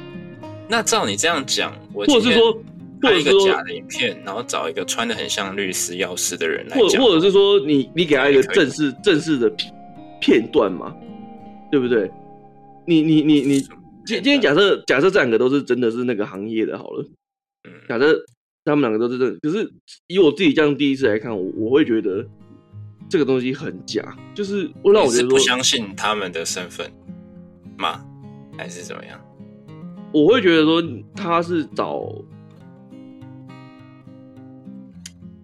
那照你這樣講，我或者是說。做一個假的影片，然後找一個穿得很像律師、藥師的人來講，或或者是說，你你給他一個正式正式的片段嘛，對不對？你你你你今今天假設假設這兩個都是真的是那個行業的，好了，假設他們兩個都是真，可是以我自己這樣第一次來看，我我會覺得這個東西很假，就是我讓我覺得不相信他們的身份嗎？還是怎麼樣？我會覺得說他是找。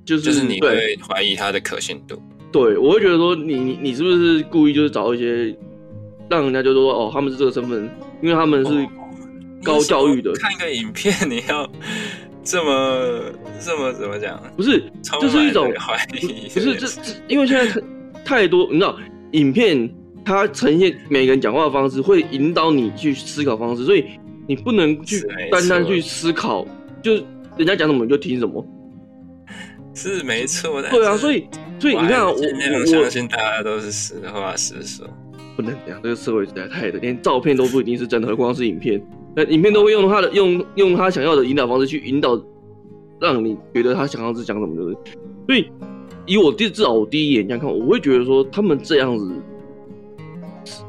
就是、就是你會懷疑他的可信度，對,對我會覺得說你你你是不是故意就是找一些讓人家就說哦他們是這個身份，因為他們是高教育的。哦、看一個影片，你要這麼這麼怎麼講？不是，這是一種懷疑。不是這這，因為現在太 太多，你知道，影片它呈現每個人講話的方式，會引導你去思考方式，所以你不能去單單去思考，就人家講什麼你就聽什麼。是沒錯的。對啊，所以所以，所以你看我我，我，我相信大家都是實話實說，不能這樣。這個社會實在太亂，連照片都不一定是真的，何況是影片。那 影片都會用他的用用他想要的引導方式去引導，讓你覺得他想要是講什麼就是。所以以我第至少我第一眼這樣看，我會覺得說他們這樣子，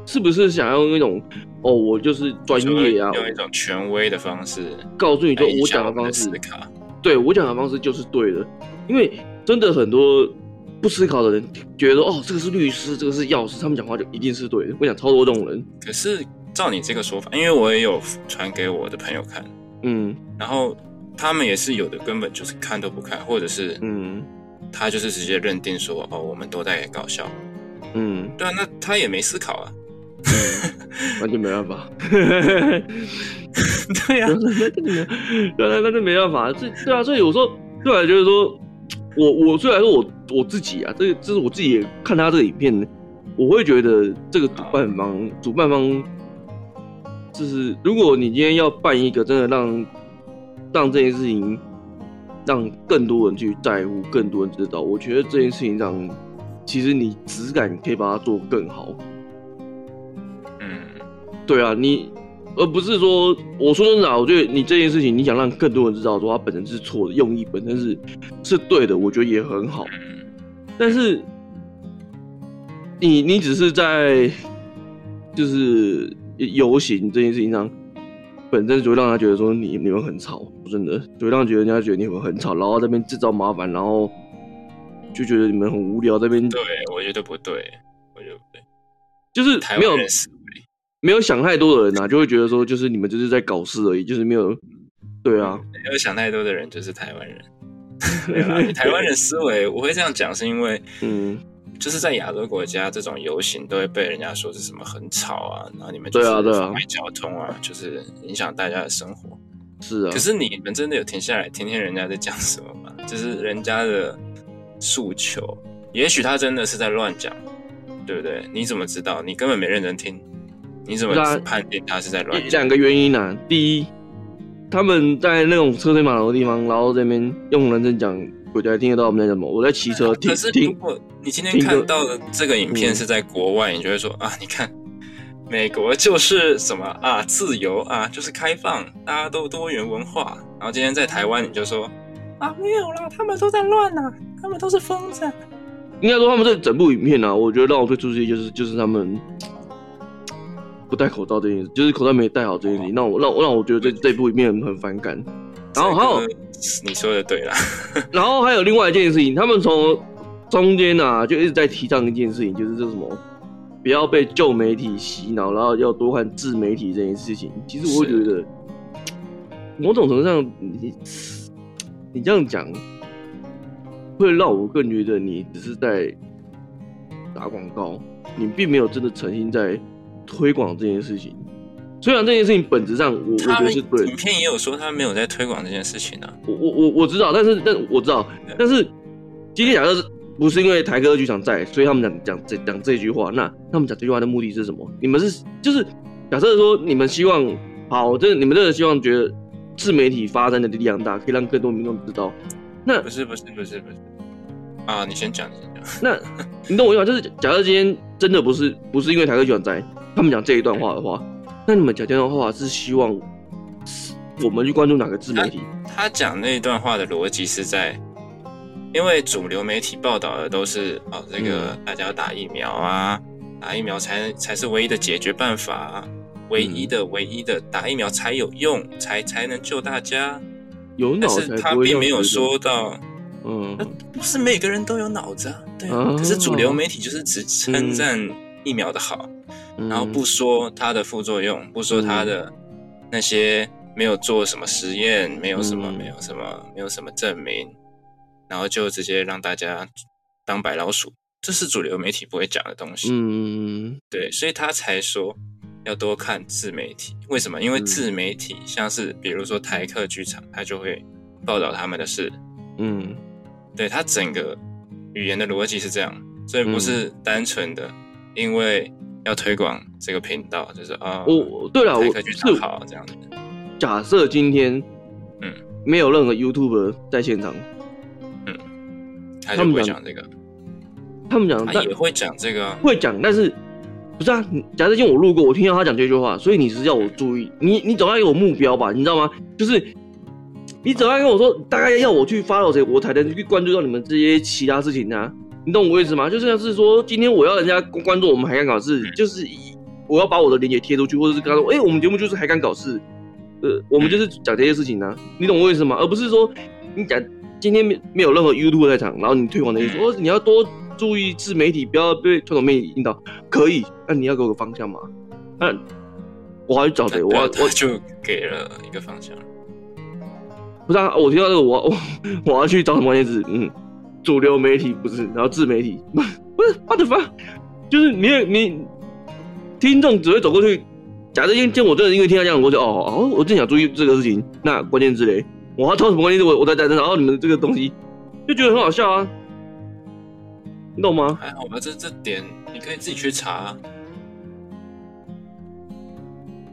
是不是想要用那種哦，我就是專業啊，用一種權威的方式告訴你，就我講的方式，對我講的方式就是對的。因為真的很多不思考的人覺得哦，這個是律師，這個是藥師，他們講話就一定是對的。我講超多這種人。可是照你這個說法，因為我也有傳給我的朋友看，嗯，然後他們也是有的根本就是看都不看，或者是嗯，他就是直接認定說哦，我們都在搞笑，嗯，對啊，那他也沒思考啊，對，完全沒辦、沒辦法，對啊，那你就沒辦法，對啊，所以有時候，對啊，就是說。我我雖然說我，我我自己啊，這這是我自己也看他這個影片，我會覺得這個主辦方主辦方，就是如果你今天要辦一個真的讓讓這件事情讓更多人去在乎，更多人知道，我覺得這件事情上，其實你質感可以把它做更好。嗯，對啊，你。而不是說，我說真的啊，我覺得你這件事情，你想讓更多人知道，說他本身是錯的，用意本身是，是對的，我覺得也很好。但是，你你只是在，就是遊行這件事情上，本身就會讓他覺得說你你們很吵，真的，就會讓他覺得人家覺得你們很吵，然後這邊製造麻煩，然後就覺得你們很無聊，這邊。對，我覺得不對，我覺得不對，就是，沒有。沒有想太多的人吶、啊，就會覺得說，就是你們就是在搞事而已，就是沒有，對啊，沒有想太多的人就是台灣人，啊 對啦， 台灣人思維，我會這樣講是因為，嗯，就是在亞洲國家，這種遊行都會被人家說是什麼很吵啊，然後你們就是妨礙、啊啊、交通啊，就是影響大家的生活，是啊，可是你們真的有停下來聽聽人家在講什麼嗎？就是人家的訴求，也許他真的是在亂講，對不對？你怎麼知道？你根本沒認真聽。你怎麼判定他是在亂一？一兩個原因呢、啊？第一，他們在那種車水馬龍的地方，然後在那邊用人聲講，我就聽得到我們在講什麼。我在騎車，可是、啊、如果你今天看到的這個影片是在國外，你就會說啊，你看美國就是什麼啊，自由啊，就是開放，大家都多元文化。然後今天在台灣，你就說啊，沒有啦，他們都在亂吶、啊，他們都是瘋子、啊。應該說，他們這整部影片呢、啊，我覺得讓我最注意就是，就是他們。不戴口罩這件事，就是口罩沒戴好這件事，讓我讓讓我覺得這對這部裡面很反感。然後還有，你說的對啦， 然後還有另外一件事情，他們從中間啊，就一直在提倡一件事情，就是這什麼不要被舊媒體洗腦，然後要多看自媒體這件事情。其實我會覺得某種程度上，你你這樣講會讓我更覺得你只是在打廣告，你並沒有真的誠心在。推廣這件事情，雖然這件事情本質上我，我我覺得是對，影片也有說他沒有在推廣這件事情啊。我我我我知道，但是但我知道，但是今天假設不是因為台客劇場在，所以他們講講這講這句話，那他們講這句話的目的是什麼？你們是就是假設說你們希望，好，真的你們真的希望覺得自媒體發展的力量大，可以讓更多民眾知道。那不是不是不是不是啊！你先講，你先講。 那你懂我意思嗎？就是假設今天真的不是不是因為台客劇場在。他們講這一段話的話，那你們講這段話是希望我們去關注哪個自媒體、嗯他？他講那段話的邏輯是在，因為主流媒體報道的都是啊、哦，這個、嗯、大家要打疫苗啊，打疫苗才才是唯一的解決辦法，唯一的、嗯、唯一的，唯一的打疫苗才有用，才才能救大家。有腦子，但是他並沒有說到，嗯，那、啊、不是每個人都有腦子啊，對啊。可是主流媒體就是只稱讚疫苗的好。嗯然後不說它的副作用，不說它的那些沒有做什麼實驗、嗯，沒有什麼，沒有什麼，沒有什麼證明，然後就直接讓大家當白老鼠，這是主流媒體不會講的東西。嗯，對，所以他才說要多看自媒體。為什麼？因為自媒體、嗯、像是比如說台客劇場，他就會報道他們的事。嗯，對，他整個語言的邏輯是這樣，所以不是單純的、嗯、因為。要推廣這個頻道，就是啊、哦，我對了，我是好這樣子。假設今天，嗯，沒有任何 YouTuber 在現場，嗯，他們會講這個，他們講，他講也會講這個、啊，會講，但是不是啊？假設今天我路過，我聽到他講這句話，所以你是要我注意，你你總要有目標吧，你知道嗎？就是你總要跟我說大概要我去 follow 誰，我才能去關注到你們這些其他事情呢、啊？你懂我意思嗎？就是，像是說，今天我要人家關注我們還敢搞事，嗯、就是以我要把我的鏈接貼出去，或者是跟他說，哎、欸，我們節目就是還敢搞事，呃，我們就是講這些事情呢、啊嗯。你懂我意思嗎？而不是說你講今天沒沒有任何 YouTube 在場，然後你推廣的意思，哦、嗯，你要多注意自媒體，不要被傳統媒體引導。可以，那你要給我個方向嘛？那、啊、我去找誰？我要我就給了一個方向。不是啊，我聽到這個，我我 我要去找什麼關鍵字嗯。主流媒體不是，然後自媒體不是，發就發，就是你你聽眾只會走過去，假設因為見我真的，因為聽他這樣講，我就哦哦，我正想注意這個事情。那關鍵字嘞，我還偷什麼關鍵我我在等在查到你們這個東西，就覺得很好笑啊，你懂嗎？還好吧，這這點你可以自己去查。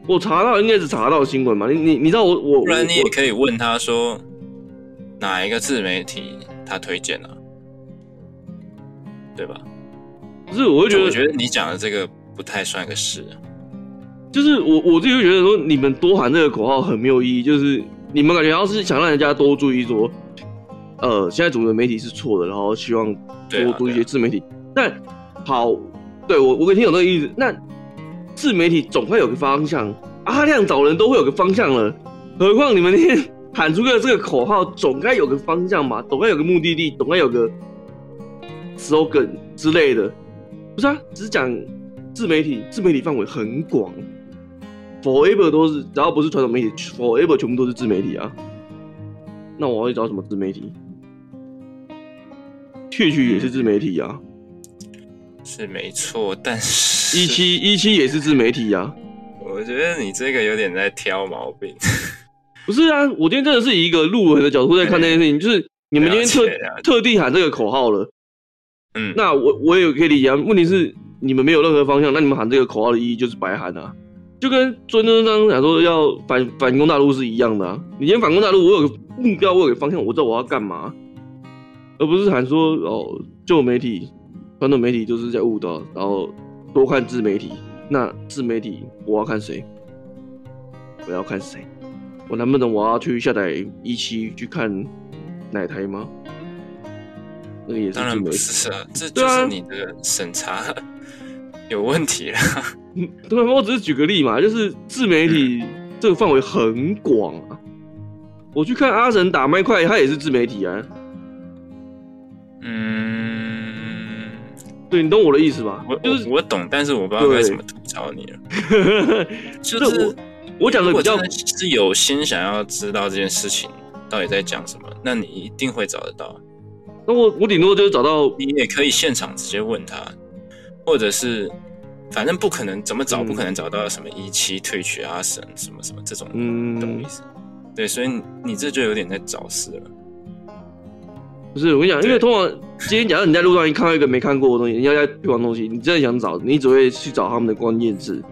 我查到應該是查到的新聞嘛？你你你知道我我，不然你也可以問他說哪一個自媒體他推薦了、啊。對吧？不是，我就覺得，我覺得你講的這個不太算個事。就是我我自己就覺得說，你們多喊這個口號很沒有意義。就是你們感覺要是想讓人家多注意說，呃，現在主流媒體是錯的，然後希望多注意一些自媒體。對啊對啊，但好，對我我跟你有這個意思。那自媒體總會有個方向，阿亮找人都會有個方向了，何況你們那天喊出個這個口號，總該有個方向吧，總該有個目的地，總該有個。slogan 之，之類的，不是啊，只是講自媒體。自媒體範圍很廣，forever 都是，只要不是傳統媒體，forever 全部都是自媒體啊。那我要去找什麼自媒體？確實也是自媒體啊，是沒錯，但是一期一期也是自媒體啊。我覺得你這個有點在挑毛病。 不是啊，我今天真的是以一個路人的角度在看這件事情，嘿嘿，就是你們今天特了解了解特地喊這個口號了。嗯，那我我也可以理解啊，問題是你們沒有任何方向，那你們喊這個口號的意義就是白喊啊，就跟尊尊剛剛講說要反反攻大陸是一樣的啊。你先反攻大陸，我有個目標，我有個方向，我知道我要幹嘛，而不是喊說哦，舊媒體傳統媒體都是在誤導，然後多看自媒體。那自媒體我要看誰？我要看誰？我能不能我要去下載一期去看哪台嗎？這也當然不是啊，這就是你的審查、啊、 有問題啊。 對，我只是舉個例嘛，就是自媒體這個範圍很廣啊。我去看阿神打麥塊，他也是自媒體啊。嗯，對，你懂我的意思吧？我就是我，我，我懂，但是我不知道該怎麼吐槽你了。 就是這我我講的比較，是有心想要知道這件事情到底在講什麼，那你一定會找得到。那我我菱多，就是找到你也可以現場直接問他，或者是反正不可能怎麼找、嗯、不可能找到什麼一期退群啊，什什麼什麼這種東西，懂我意思？對，所以你，你這就有點在找事了。不是我跟你講，因為通常接假講，你在路上一看到一個沒看過的東西，人家在推廣東西，你真的想找，你只會去找他們的關鍵字。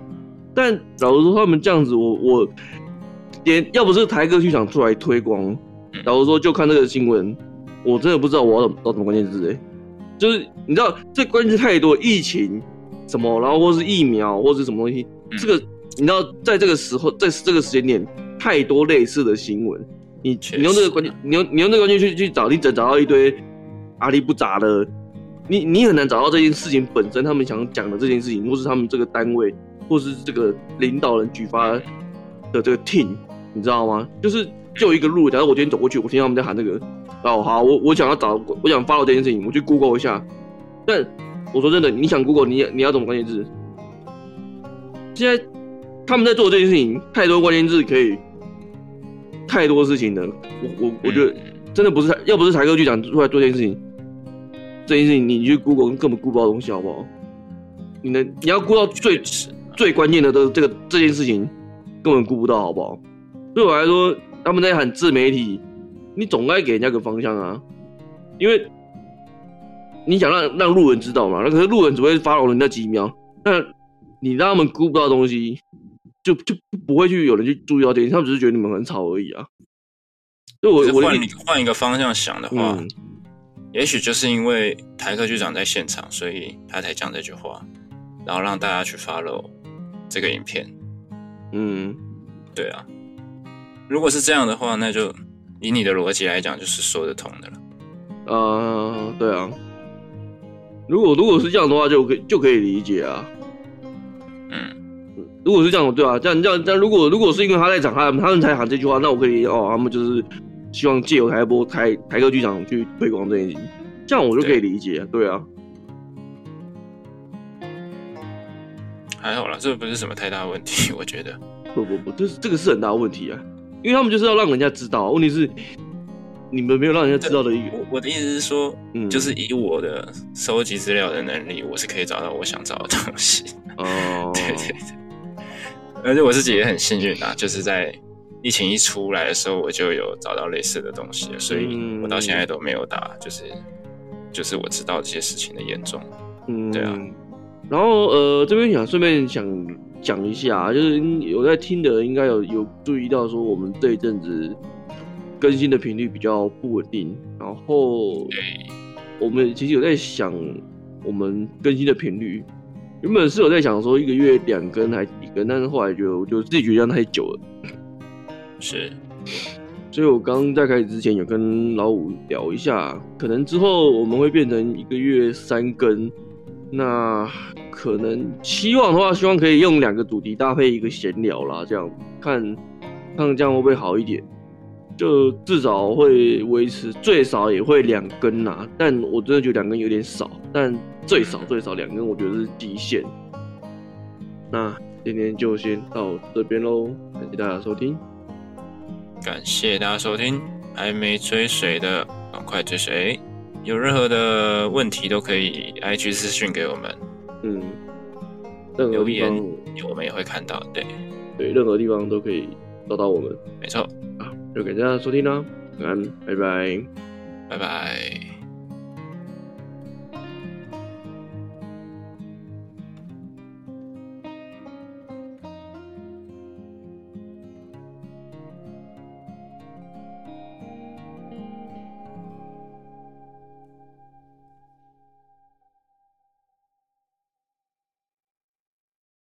但假如說他們這樣子，我我也要不是台哥去想出來推廣，假如說就看這個新聞。我真的不知道我要找什麼關鍵字欸，就是你知道，這關鍵詞太多，疫情什麼，然後或是疫苗，或者是什麼東西。嗯、這個你知道，在這個時候，在這個時間點，太多類似的新聞，你你用這個關鍵、啊，你用你用這個關鍵去去找，你只找到一堆阿里不咋的，你你很難找到這件事情本身，他們想講的這件事情，或是他們這個單位，或是這個領導人舉發的這個 team，你知道嗎？就是就一個路，假如我今天走過去，我聽到他們在喊那個。哦，好，我我想要找，我想 follow 這件事情，我去 Google 一下。但我說真的，你想 Google，你你要怎麼關鍵字？現在他們在做這件事情，太多關鍵字可以，太多事情了。我我我覺得真的不是要不是台客去講出來做這件事情，這件事情你去 Google 根本顧不到東西，好不好？你能你要顧到最最關鍵的，都這個這件事情根本顧不到，好不好？對我來說，他們在喊自媒體。你總該給人家個方向啊，因為你想讓讓路人知道嘛。那可是路人只會 follow 你那幾秒，那你讓他們顧不到東西，就就不會去有人去注意到這他們只是覺得你們很吵而已啊。如我換你換一個方向想的話，嗯、也許就是因為台客局長在現場，所以他才講這句話，然後讓大家去 follow 這個影片。嗯，對啊。如果是這樣的話，那就。以你的邏輯來講，就是說得通的了。啊、呃，對啊。如果如果是這樣的話，就可就可以理解啊。嗯，如果是這樣，對啊，這樣這樣，那如果如果是因為他在講他他們才喊這句話，那我可以哦，他們就是希望借由台播台台客劇場去推廣這一集，這樣我就可以理解對，對啊。還好啦，這不是什麼太大問題，我覺得。不不不，這是這個是很大問題啊。因為他們就是要讓人家知道，問題是你們沒有讓人家知道的意思。我我的意思是說，就是以我的收集資料的能力，嗯，我是可以找到我想找的東西。哦，對對對，而且我自己也很幸運啊， 就是在疫情一出來的時候，我就有找到類似的東西，所以我到現在都沒有打，就是就是我知道這些事情的嚴重。嗯，對啊。然後呃，這邊想順便想。講一下，就是有在聽的人應該有有注意到說，我們這一陣子更新的頻率比較不穩定。然後，我們其實有在想，我們更新的頻率原本是有在想說一個月兩更還幾更，但是後來就就自己覺得太久了。是，所以我剛剛在開始之前有跟老五聊一下，可能之後我們會變成一個月三更。那可能期望的話，希望可以用兩個主題搭配一個閒聊啦，這樣看看這樣會不會好一點？就至少會維持，最少也會兩根啦，但我真的覺得兩根有點少，但最少最少兩根，我覺得是極限。那今天就先到這邊嘍，感謝大家收聽，感謝大家收聽，還沒追水的，趕快追水。有任何的問題都可以 IG 私信給我們，嗯，任何，留言我們也會看到，對對，任何地方都可以找到我們，沒錯啊，就感謝收聽啦，晚安，拜拜，拜拜。